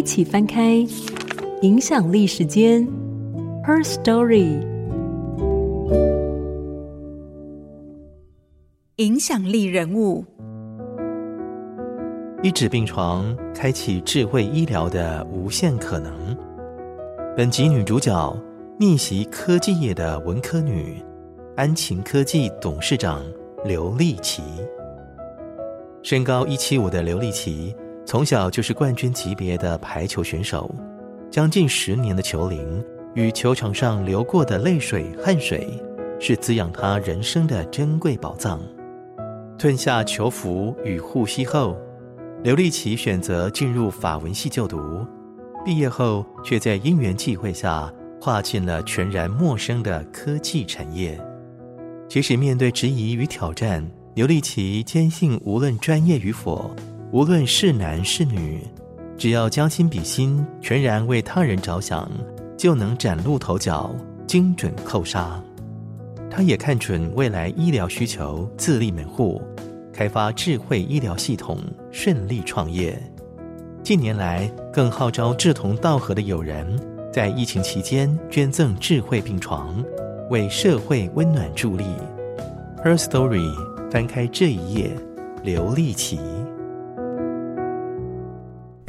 一起翻開《影響力時間》Her Story，影響力人物一指病床，開啟智慧醫療的無限可能。本集女主角逆襲科技業的文科女，安勤科技董事長劉琍綺，身高一七五的劉琍綺，從小就是冠軍級別的排球選手，將近十年的球齡與球場上流過的淚水、汗水，是滋養他人生的珍貴寶藏。褪下球服與護膝後，劉琍綺選擇進入法文系就讀，畢業後卻在因緣際會下跨進了全然陌生的科技產業。即使面對質疑與挑戰，劉琍綺堅信無論專業與否，無論是男是女，只要將心比心，全然為他人着想，就能嶄露頭角，精準扣殺。她也看準未來醫療需求，自立門戶，開發智慧醫療系統，順利創業。近年來，更號召志同道合的友人，在疫情期間捐贈智慧病床，為社會溫暖助力。Her Story，翻開這一頁，劉琍綺。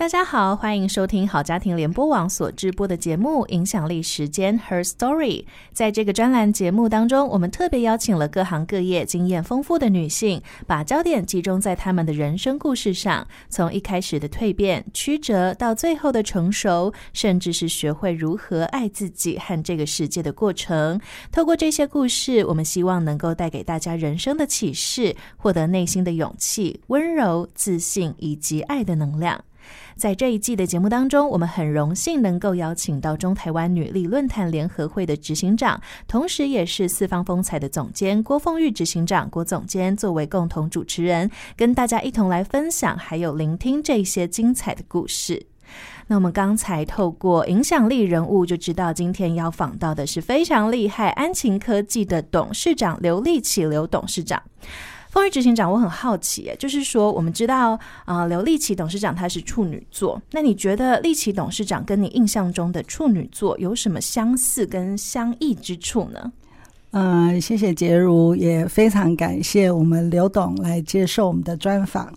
大家好，歡迎收聽好家庭聯播網所直播的節目《影響力時間 Her Story》。在這個專欄節目當中，我們特別邀請了各行各業經驗豐富的女性，把焦點集中在她們的人生故事上，從一開始的蛻變、曲折，到最後的成熟，甚至是學會如何愛自己和這個世界的過程。透過這些故事，我們希望能夠帶給大家人生的啟示，獲得內心的勇氣、溫柔、自信以及愛的能量。在這一季的節目當中，我們很榮幸能夠邀請到中台灣女力論壇聯合會的執行長，同時也是四方風采的總監郭鳳玉執行長郭總監，作為共同主持人，跟大家一同來分享，還有聆聽這些精彩的故事。那我們剛才透過影響力人物就知道，今天要訪到的是非常厲害，安勤科技的董事長劉琍綺劉董事長。鳳玉執行長，我很好奇耶，就是說，我們知道啊，劉、呃、琍綺董事長他是處女座，那你覺得琍綺董事長跟你印象中的處女座有什麼相似跟相異之處呢？呃，謝謝珏如，也非常感謝我們劉董來接受我們的專訪。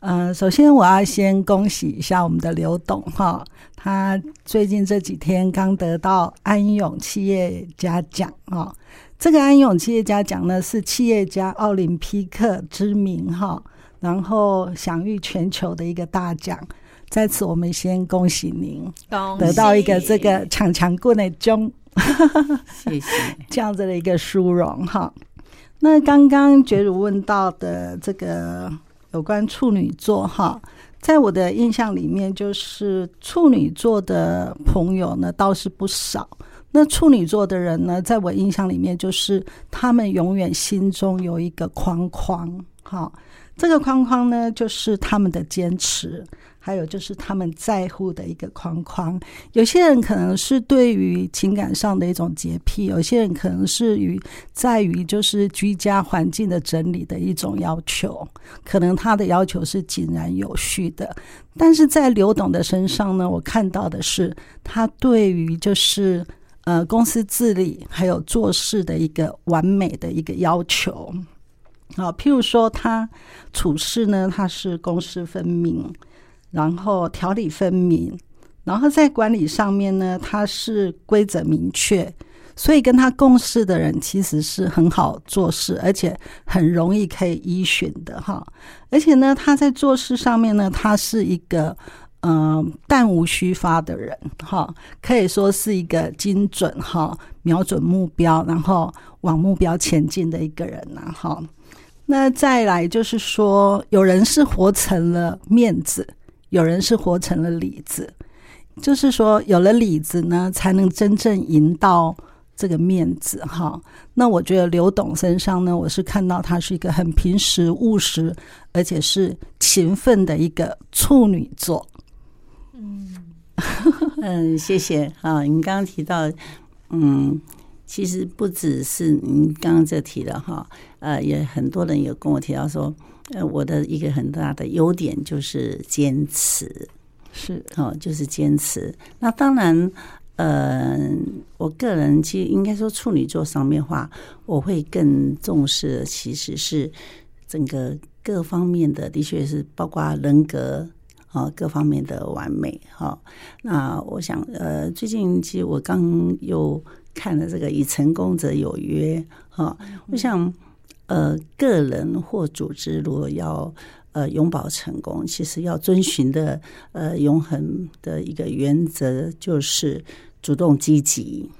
嗯、呃，首先我要先恭喜一下我們的劉董哈、哦，他最近這幾天剛得到安永企業家獎哈、哦這個安永企業家獎呢，是企業家奧林匹克之名哈，然後享譽全球的一個大獎。在此，我們先恭喜您，恭喜得到一個這個搶搶過的鐘，謝謝 這樣子的一個殊榮哈。那剛剛珏如問到的這個有關處女座哈，在我的印象裡面，就是處女座的朋友呢，倒是不少。那處女座的人呢，在我印象裡面，就是他們永遠心中有一個框框，好，這個框框呢，就是他們的堅持，還有就是他們在乎的一個框框。有些人可能是對於情感上的一種潔癖，有些人可能是於在於就是居家環境的整理的一種要求，可能他的要求是井然有序的。但是在劉董的身上呢，我看到的是他對於就是。呃，公司治理還有做事的一個完美的一個要求，好、啊，譬如說他處事呢，他是公私分明，然後條理分明，然後在管理上面呢，他是規則明確，所以跟他共事的人其實是很好做事，而且很容易可以依循的哈。而且呢，他在做事上面呢，他是一個。嗯，彈、呃、無虛發的人，哈，可以說是一個精準哈，瞄準目標，然後往目標前進的一個人吶、啊，哈。那再來就是說，有人是活成了面子，有人是活成了裡子。就是說，有了裡子呢，才能真正贏到這個面子，哈。那我覺得劉董身上呢，我是看到他是一個很平實務實，而且是勤奮的一個處女座。嗯， 嗯，謝謝啊。您、哦、剛剛提到，嗯，其實不只是您剛剛這提的哈，呃，也很多人有跟我提到說，呃，我的一個很大的優點就是堅持，是哦，就是堅持。那當然，呃，我個人其實應該說處女座上面話，我會更重視，其實是整個各方面的，的確是包括人格。哦，各方面的完美哈。那我想，呃，最近其實我剛又看了這個《與成功者有約》。我想，呃，個人或組織如果要呃永葆成功，其實要遵循的呃永恆的一個原則，就是主動積極，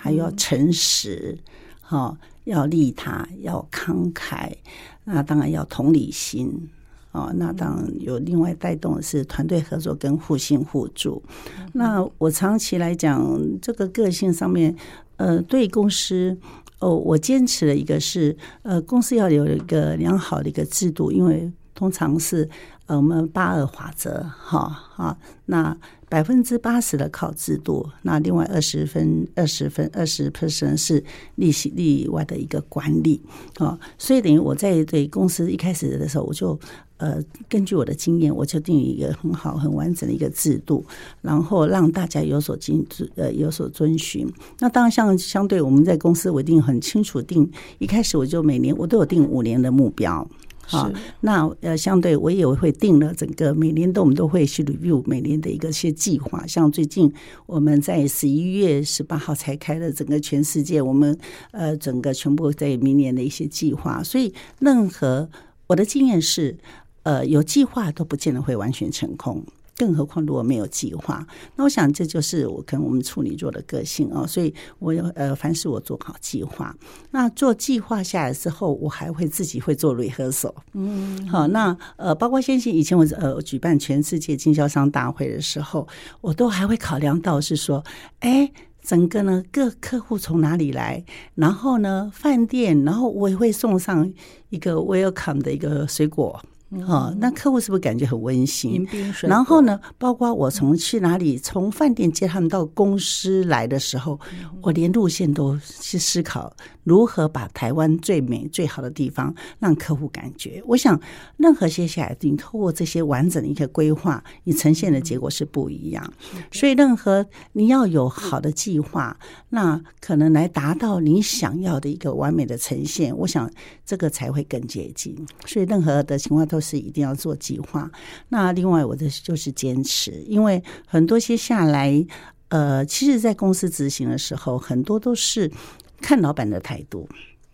還要誠實，好要利他，要慷慨，那當然要同理心。哦，那當然有另外帶動的是團隊合作跟互信互助。那我長期來講，這個個性上面，呃，對公司，哦，我堅持的一個是，呃，公司要有一個良好的一個制度，因為通常是，呃，我們八二法則，哈、哦、好、哦，那百分之八十的靠制度，那另外二十分、二十分、二十 percent 是利息利以外的一個管理，哦，所以等於我在對公司一開始的時候，我就。呃，根據我的經驗，我就定一個很好、很完整的一個制度，然後讓大家有所遵呃有所遵循。那當然像，像相對我們在公司，我一定很清楚定。一開始我就每年我都有定五年的目標好，哦、是那呃，相對我也會定了整個每年的，我們都會去 review 每年的一個一些計劃。像最近我們在十一月十八號才開的整個全世界，我們呃整個全部在明年的一些計劃。所以，任何我的經驗是。呃，有計劃都不見得會完全成功，更何況如果沒有計劃？那我想這就是我跟我們處女座的個性哦。所以我有，我呃，凡事我做好計劃，那做計劃下來之後，我還會自己會做 rehearsal 嗯，好、哦，那呃，包括先前以前我呃我舉辦全世界經銷商大會的時候，我都還會考量到是說，哎，整個呢各客戶從哪裡來，然後呢飯店，然後我也會送上一個 welcome 的一個水果。嗯、哦，那客戶是不是感覺很溫馨？然後呢，包括我從去哪裡，從飯店接他們到公司來的時候，我連路線都去思考如何把台灣最美最好的地方讓客戶感覺。我想，任何接下來，你透過這些完整的一個規劃，你呈現的結果是不一樣。所以，任何你要有好的計劃，那可能來達到你想要的一個完美的呈現。我想，這個才會更接近。所以，任何的情況都。是一定要做計劃。那另外我的就是堅持，因為很多些下來，呃，其實，在公司執行的時候，很多都是看老板的態度。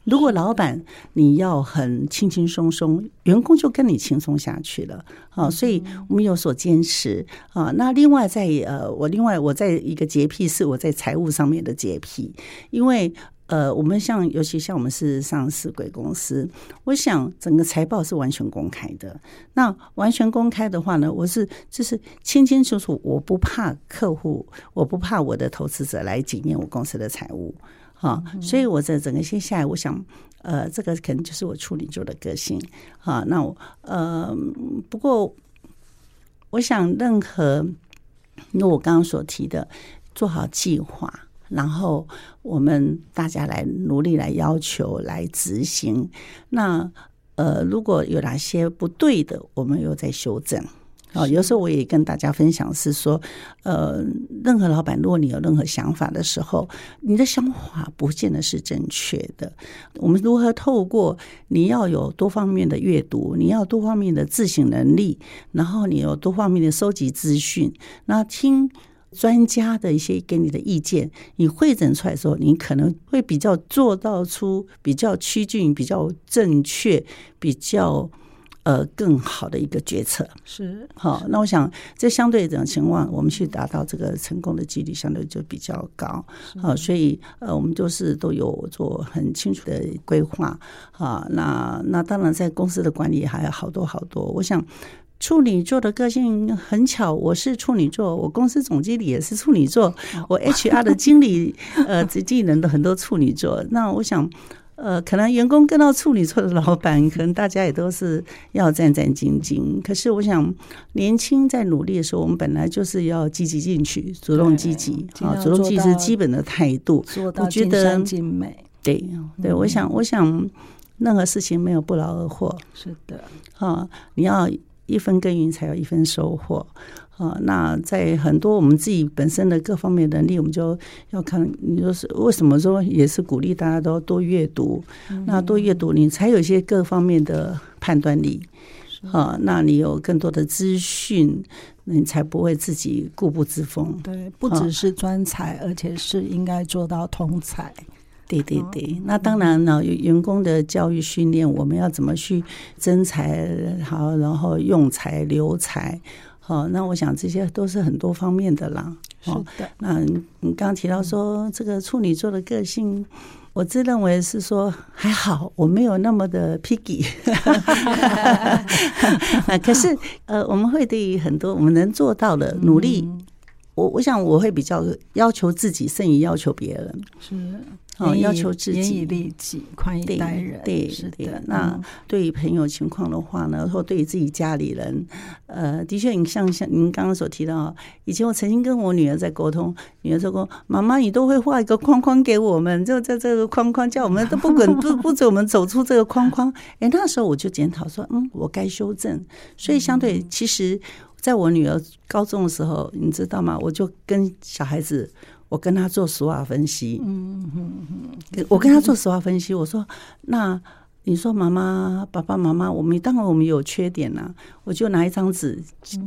如果老板你要很輕輕鬆鬆，員工就跟你輕鬆下去了啊。所以我們有所堅持啊。那另外在呃，我另外我在一個潔癖是我在財務上面的潔癖，因為。呃，我們像，尤其像我們是上市櫃公司，我想整個財報是完全公開的。那完全公開的話呢，我是就是清清楚楚，我不怕客戶，我不怕我的投資者來檢驗我公司的財務哈，啊嗯、哼所以我在整個接下來我想，呃，這個可能就是我處女座的個性哈、啊，那我呃，不過我想任何，那我剛剛所提的，做好計劃。然後我們大家來努力來要求來執行。那呃，如果有哪些不對的，我們又在修正。啊是，有時候我也跟大家分享是說，呃，任何老闆，如果你有任何想法的時候，你的想法不見得是正確的。我們如何透過你要有多方面的閱讀，你要多方面的自省能力，然後你有多方面的收集資訊，那聽。專家的一些給你的意見，你會診出來的時候，你可能會比較做到出比較趨近、比較正確、比較呃更好的一個決策。是好，那我想這相對這種情況，我們去達到這個成功的幾率相對就比較高。是 好，所以呃，我們就是都有做很清楚的規劃。好，那那當然，在公司的管理還有好多好多，我想。處女座的個性很巧，我是處女座，我公司總經理也是處女座，我 HR 的經理 呃，這技能的很多處女座。那我想，呃，可能員工跟到處女座的老闆，可能大家也都是要戰戰兢兢。可是我想，年輕在努力的時候，我們本來就是要積極進取，主動積極，啊、主動積極是基本的態度。做到盡善盡美，我覺得，對對，嗯、我想，我想，任何事情沒有不勞而獲，哦。是的，啊，你要。一分耕耘才有一分收穫，啊，那在很多我們自己本身的各方面能力，我們就要看你說是為什麼說也是鼓勵大家都要多閱讀，那多閱讀你才有一些各方面的判斷力，啊，那你有更多的資訊，你才不會自己固步自封。對，不只是專才，而且是應該做到通才。對對對，那當然了，員工的教育訓練，我們要怎麼去徵才好，然後用才留才好。那我想這些都是很多方面的啦。是的。那你剛剛提到說、嗯、這個處女座的個性，我自認為是說還好，我沒有那麼的 picky。可是呃，我們會對很多我們能做到的努力，嗯、我我想我會比較要求自己，甚於要求別人。是。哦，要求自己嚴以律己，寬以待人，對對是的。嗯、那對於朋友情況的話呢，或對於自己家裡人，呃，的確，你像像您剛剛所提到，以前我曾經跟我女兒在溝通，女兒說過：“媽媽，你都會畫一個框框給我們，就在這個框框叫我們都不准 不不准我們走出這個框框。”誒，那時候我就檢討說：“嗯，我該修正。”所以，相對、嗯、其實，在我女兒高中的時候，你知道嗎？我就跟小孩子。我跟他做實話分析，嗯哼哼，我跟他做實話分析，我說，那你說媽媽、爸爸媽媽，我們當然我們有缺點呢、啊。我就拿一張紙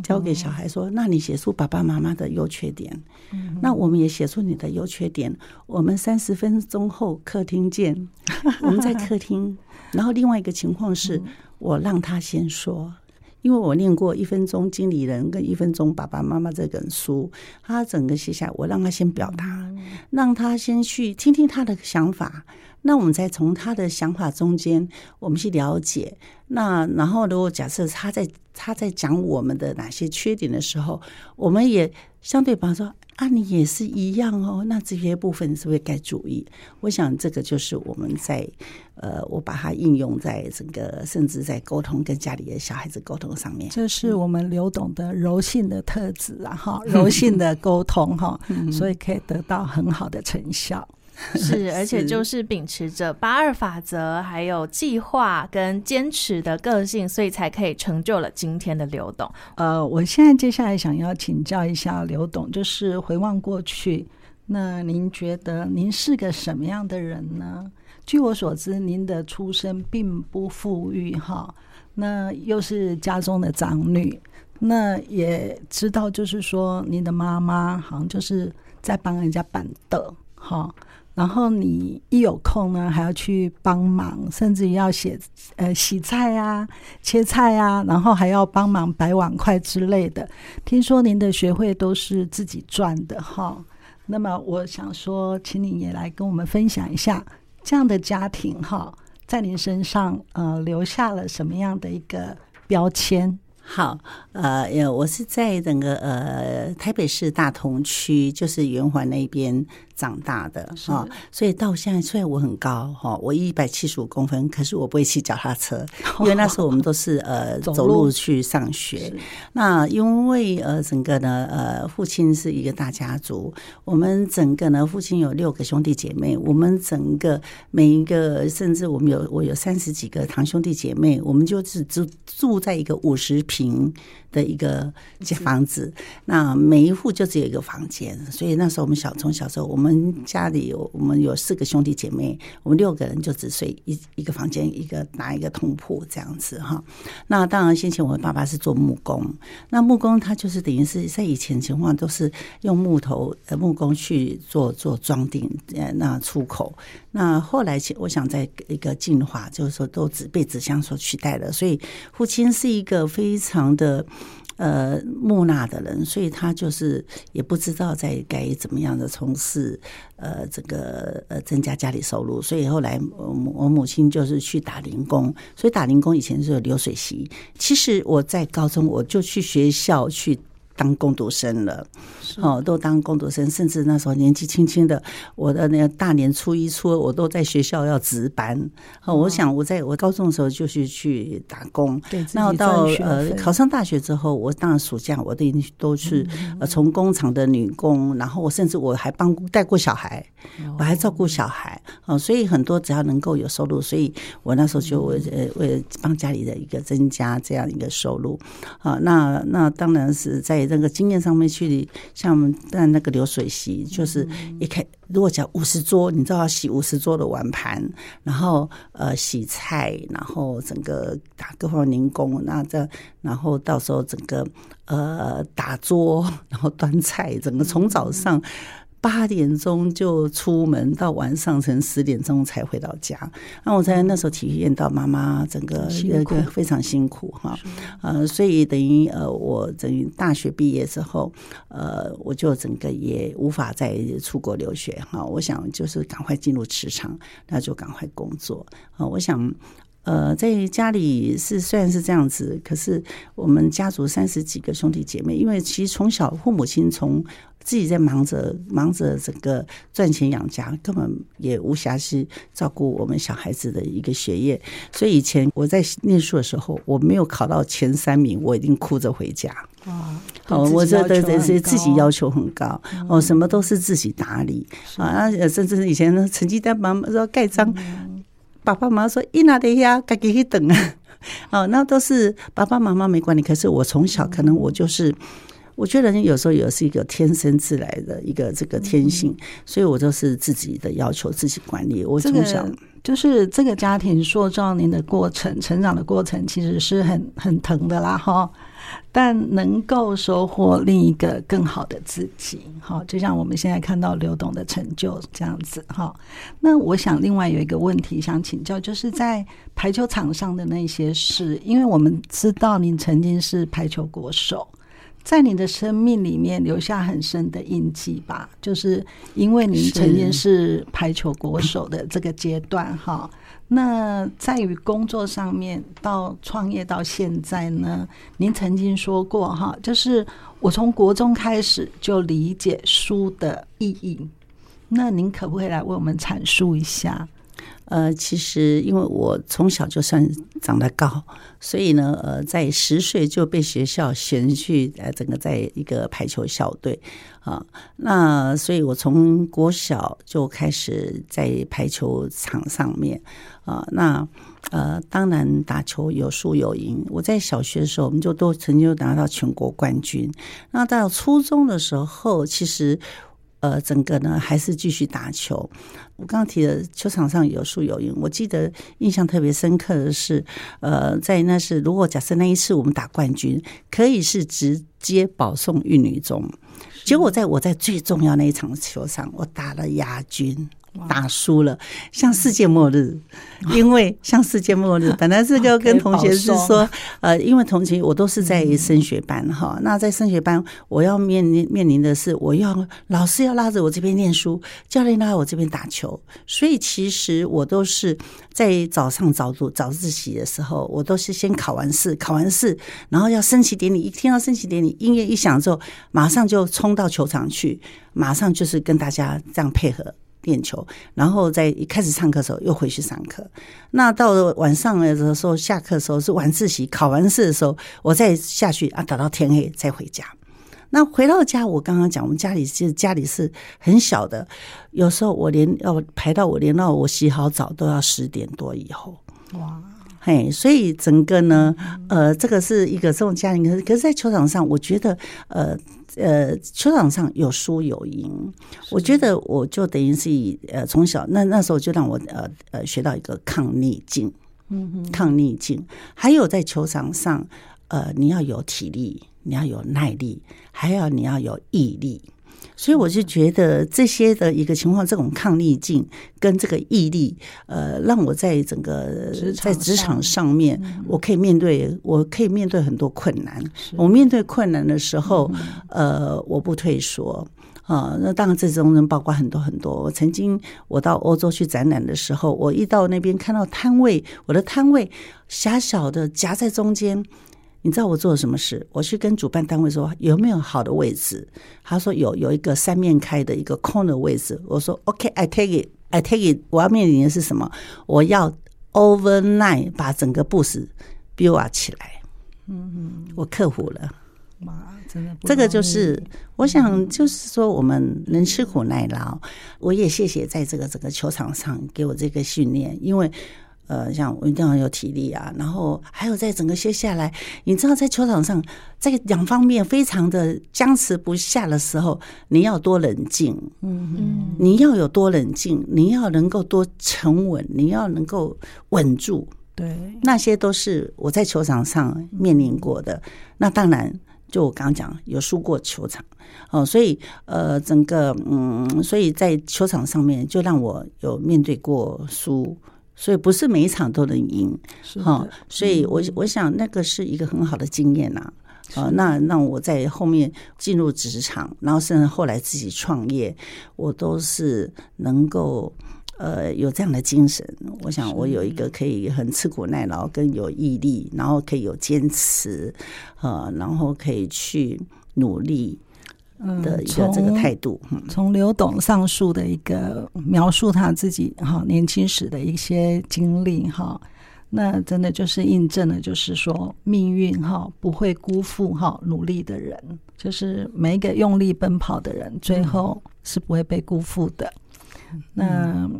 交給小孩說，嗯、哼那你寫出爸爸媽媽的優缺點，嗯、哼那我們也寫出你的優缺點。我們三十分鐘後客廳見，嗯、我們在客廳。然後另外一個情況是，嗯、哼我讓他先說。因為我念過《一分鐘經理人》跟《一分鐘爸爸媽媽》這本書，他整個卸下，我讓他先表達，讓他先去聽聽他的想法，那我們再從他的想法中間，我們去了解。那然後，如果假設他在他在講我們的哪些缺點的時候，我們也相對，比方說。啊，你也是一樣哦。那這些部分是不是該注意？我想這個就是我們在呃，我把它應用在整個，甚至在溝通跟家裡的小孩子溝通上面，這是我們劉董的柔性的特質啊，哈，柔性的溝通哈， 所以可以得到很好的成效。是，而且就是秉持着八二法則，還有計劃跟堅持的個性，所以才可以成就了今天的劉董。 呃，我現在接下來想要請教一下劉董，就是回望過去，那您覺得您是個什麼樣的人呢？據我所知，您的出身並不富裕，哈，那又是家中的長女，那也知道，就是說您的媽媽好像就是在幫人家搬凳，哈。然後你一有空呢，還要去幫忙，甚至於要洗，呃，洗菜啊，切菜啊，然後還要幫忙擺碗筷之類的。聽說您的學費都是自己賺的哈，那麼我想說，請你也來跟我們分享一下，這樣的家庭哈，在您身上呃留下了什麼樣的一個標籤？好，呃，我是在整個呃台北市大同區，就是圓環那邊長大的，哈是、哦，所以到現在雖然我很高，哈、哦，我一百七十五公分，可是我不會騎腳踏車，哦、因為那時候我們都是呃走路，走路去上學。是那因為呃整個呢，呃父親是一個大家族，我們整個呢，父親有六個兄弟姐妹，我們整個每一個，甚至我們有我有三十幾個堂兄弟姐妹，我們就只、只住在一個五十坪的一個房子，那每一戶就只有一個房間，所以那時候我們小，從小時候，我們家裡有我們有四個兄弟姐妹，我們六個人就只睡一一個房間，一個拿一個通鋪這樣子哈。那當然，先前我們爸爸是做木工，那木工他就是等於是在以前情況都是用木頭呃，木工去做做裝訂，那出口。那後來，我想再一個進化，就是說都只被紙箱所取代了。所以父親是一個非常的呃木訥的人，所以他就是也不知道在該怎麼樣的從事呃這個呃增加家裡收入。所以後來我母親就是去打零工，所以打零工以前是流水席。其實我在高中我就去學校去當工讀生了。哦，都當工讀生，甚至那時候年紀輕輕的，我的那個大年初一、初二，我都在學校要值班。哦，oh. 我想我在我高中的時候就是去打工，對，那到呃考上大學之後，我當然暑假我都已經都去呃從工廠的女工，然後我甚至我還幫帶過小孩，oh. 我還照顧小孩。哦、呃，所以很多只要能夠有收入，所以我那時候就呃為幫家裡的一個增加這樣一個收入。呃、那那當然是在這個經驗上面去我們在那個流水席，就是一開，如果講五十桌，你知道洗五十桌的碗盤，然後呃洗菜，然後整個打各方零工，那這然後到時候整個呃打桌，然後端菜，整個從早上。八點鐘就出門，到晚上成十點鐘才回到家。那我在那時候體驗到媽媽整個非常辛苦哈。呃苦、嗯，所以等於呃，我等於大學畢業之後，呃，我就整個也無法再出國留學哈。我想就是趕快進入職場，那就趕快工作啊、嗯。我想。呃，在家裡是雖然是這樣子，可是我們家族三十幾個兄弟姐妹，因為其實從小父母親從自己在忙着忙着整個賺錢養家，根本也無暇是照顧我們小孩子的一個學業。所以以前我在念書的時候，我沒有考到前三名，我一定哭着回家，啊啊哦。我覺得自己要求很高，哦、嗯，什麼都是自己打理是啊，甚至是以前的成績單，媽媽說蓋章。嗯爸爸媽媽說：“伊那的呀，該繼去等啊。”哦，那都是爸爸媽媽沒管你。可是我從小，可能我就是，我覺得人有時候也是一個天生自來的一個這個天性，所以我都是自己的要求，自己管理。我從小、嗯、就是這個家庭，塑造您的過程，成長的過程，其實是很很疼的啦，哈。但能夠收穫另一個更好的自己，哈，就像我們現在看到劉董的成就這樣子，哈。那我想另外有一個問題想請教，就是在排球場上的那些事，因為我們知道您曾經是排球國手，在你的生命裡面留下很深的印記吧？就是因為您曾經是排球國手的這個階段，哈是。嗯那在於工作上面到創業到現在呢，您曾經說過哈，就是我從國中開始就理解書的意義。那您可不可以來為我們闡述一下？呃，其實因為我從小就算長得高，所以呢，呃，在十歲就被學校選去呃，整個在一個排球校隊啊，呃。那所以我從國小就開始在排球場上面啊。那呃，呃，當然打球有輸有贏。我在小學的時候，我們就都曾經拿到全國冠軍。那到初中的時候，其實。呃，整個呢還是繼續打球。我剛剛提的球場上有輸有贏。我記得印象特別深刻的是，呃，在那是如果假設那一次我們打冠軍，可以是直接保送玉女中，結果我在我在最重要那一場球場，我打了亞軍。打輸了，像世界末日， 因為像世界末日， 本來是要跟，跟同學是說， 呃，因為同學我都是在升學班哈，嗯、那在升學班，我要面臨面臨的是，我要老師要拉着我這邊念書，教練拉我這邊打球，所以其實我都是在早上早讀早自習的時候，我都是先考完試，考完試，然後要升旗典禮，一聽到升旗典禮音樂一響之後，馬上就衝到球場去，馬上就是跟大家這樣配合。練球，然後在一開始上課的時候，又回去上課。那到了晚上的時候，下課的時候是晚自習，考完試的時候，我再下去啊，打到天黑再回家。那回到家，我剛剛講，我們家裡就家裡是很小的，有時候我連要排到我連，到我連到我洗好澡都要十點多以後。哇！嘿，hey, 所以整個呢，呃，這個是一個這種家庭，可是可是，在球場上，我覺得，呃呃，球場上有輸有贏，我覺得我就等於是以呃從小那那時候就讓我呃呃學到一個抗逆境，嗯，抗逆境，還有在球場上，呃，你要有體力，你要有耐力，還要你要有毅力。所以我就覺得這些的一個情況，這種抗逆境跟這個毅力，呃，讓我在整個職在職場上面，嗯、我可以面對，我可以面對很多困難。的我面對困難的時候，呃，我不退縮啊、呃。那當然，這種人包括很多很多。我曾經我到歐洲去展覽的時候，我一到那邊看到攤位，我的攤位狹小的夾在中間。你知道我做了什麼事？我去跟主辦單位說，有沒有好的位置？他說有，有一個三面開的一個空的位置。我說 OK，I take it，I take it。我要面臨的是什麼？我要 overnight 把整個 booth build 起來。嗯嗯，我克服了。媽，真的，這個就是我想，就是說我們能吃苦耐勞。我也謝謝在這個這個球場上給我這個訓練，因為。呃，像我一定要有體力啊，然後還有在整個歇下來，你知道，在球場上在兩方面非常的僵持不下的時候，你要多冷靜，嗯哼，嗯你要有多冷靜，你要能夠多沉穩，你要能夠穩住，對，那些都是我在球場上面臨過的。嗯、那當然，就我剛剛講，有輸過球場哦，所以呃，整個嗯，所以在球場上面就讓我有面對過輸。所以不是每一場都能贏，哈！所以我我想那個是一個很好的經驗吶，啊的呃，那那我在後面進入職場，然後甚至後來自己創業，我都是能夠呃有這樣的精神。的我想我有一個可以很吃苦耐勞，然後更有毅力，然後可以有堅持，呃，然後可以去努力。的一個這個態度，從嗯、劉董上述的一個描述，他自己哈年輕時的一些經歷哈，那真的就是印證了，就是說命運哈不會辜負哈努力的人，就是每一個用力奔跑的人，最後是不會被辜負的。嗯、那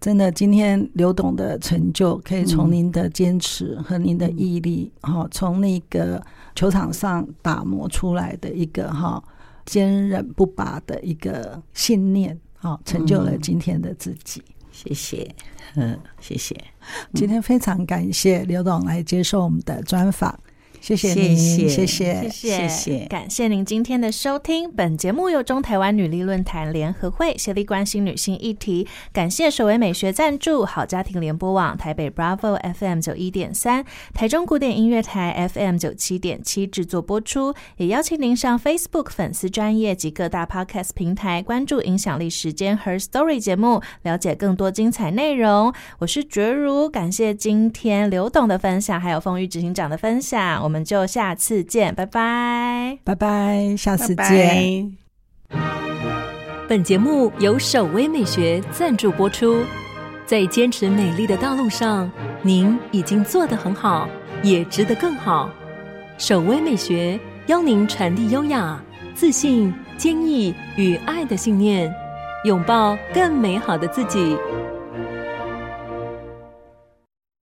真的，今天劉董的成就可以從您的堅持和您的毅力哈，從、嗯、那個球場上打磨出來的一個哈。堅韌不拔的一個信念，好成就了今天的自己。謝謝，嗯，謝謝。今天非常感謝劉總來接受我們的專訪。謝謝，謝謝，謝謝，謝謝，謝謝，感謝您今天的收聽。本節目由中台灣女力論壇聯合會協力關心女性議題，感謝守葳美學贊助，好家庭聯播網台北 Bravo FM 九一點三，台中古典音樂台 FM 九七點七製作播出。也邀請您上 Facebook 粉絲專頁及各大 Podcast 平台關注影響力時間 Her Story 節目，了解更多精彩內容。我是珏如，感謝今天劉董的分享，還有鳳玉執行長的分享。我們。我們就下次見，拜拜，拜拜，下次見。Bye bye。本節目由守葳美學贊助播出。在堅持美麗的道路上，您已經做得很好，也值得更好。守葳美學邀您傳遞優雅、自信、堅毅與愛的信念，擁抱更美好的自己。